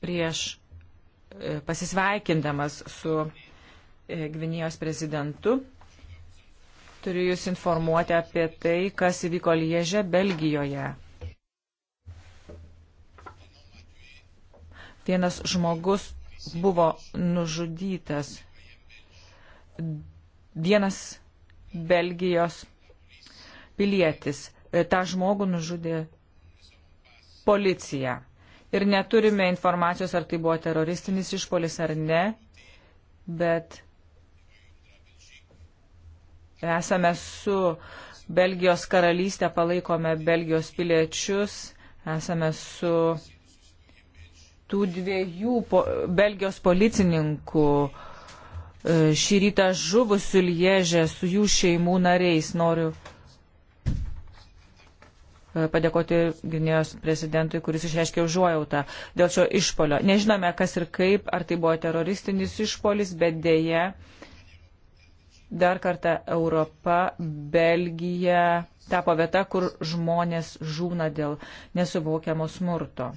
Prieš e, pasisveikindamas su e, Gvinėjos prezidentu turiu Jūs informuoti apie tai, kas įvyko Lieže, Belgijoje. Vienas žmogus buvo nužudytas. Vienas Belgijos pilietis. E, Ta žmogų nužudė policija. Ir neturime informacijos, ar tai buvo teroristinis išpolis ar ne, bet esame su Belgijos karalystė, palaikome Belgijos piliečius, esame su tų dviejų po, Belgijos policininkų e, šį rytą žuvusių Liežė su jų šeimų nariais. Noriu padėkoti Gvinėjos prezidentui, kuris išreiškė užuojautą dėl šio išpolio. Nežinome, kas ir kaip, ar tai buvo teroristinis išpolis, bet dėje dar kartą Europa, Belgija tapo vieta, kur žmonės žūna dėl nesuvokiamo smurto.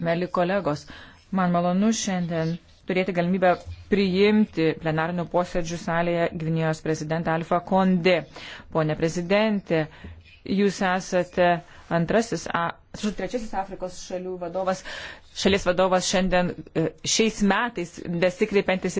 Meli kolegos, man malonu šiandien turėti galimybę priimti plenarinių posėdžių salėje Gvinėjos prezidentą Alfa Kondi. Pone prezidentė, jūs esate antrasis, atsiprašau, trečiasis Afrikos šalių vadovas, šalies vadovas šiandien e, šiais metais besikreipiantis